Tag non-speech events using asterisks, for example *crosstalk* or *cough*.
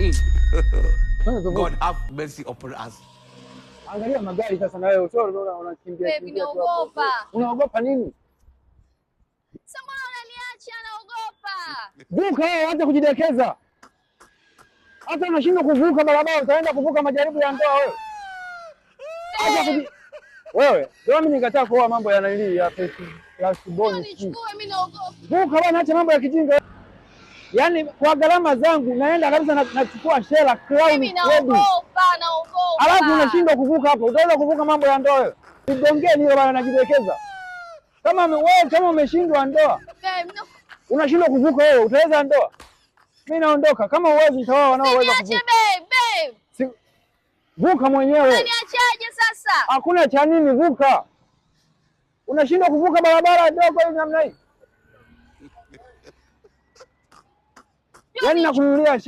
*laughs* God have mercy upon us. Angalia magari sasa, na wewe sio unaona unakimbia Unaogopa nini? Vuka wewe, acha kujidekeza. Hata unashindwa kuvuka barabara, utaenda kuvuka majaribu ya ndoa wewe. Acha kuji wewe, ndio mimi nikataa kuoa mambo ya nani ya Vuka bwana, acha mambo ya kijinga yani kwa gharama zangu naenda kabisa nachukua shela crown alafu unashindwa kuvuka hapo, utaweza kuvuka mambo ya ndoa wewe? Igongee bana, najiwekeza kama wewe, kama umeshindwa ndoa unashindwa kuvuka wewe, utaweza ndoa? Mimi naondoka, kama uwezi nitaoa wanaoweza kuvuka. Vuka mwenyewe. Niachaje sasa? Hakuna cha nini, vuka. Unashindwa kuvuka barabara ndogo namna hii. yaani nakunulia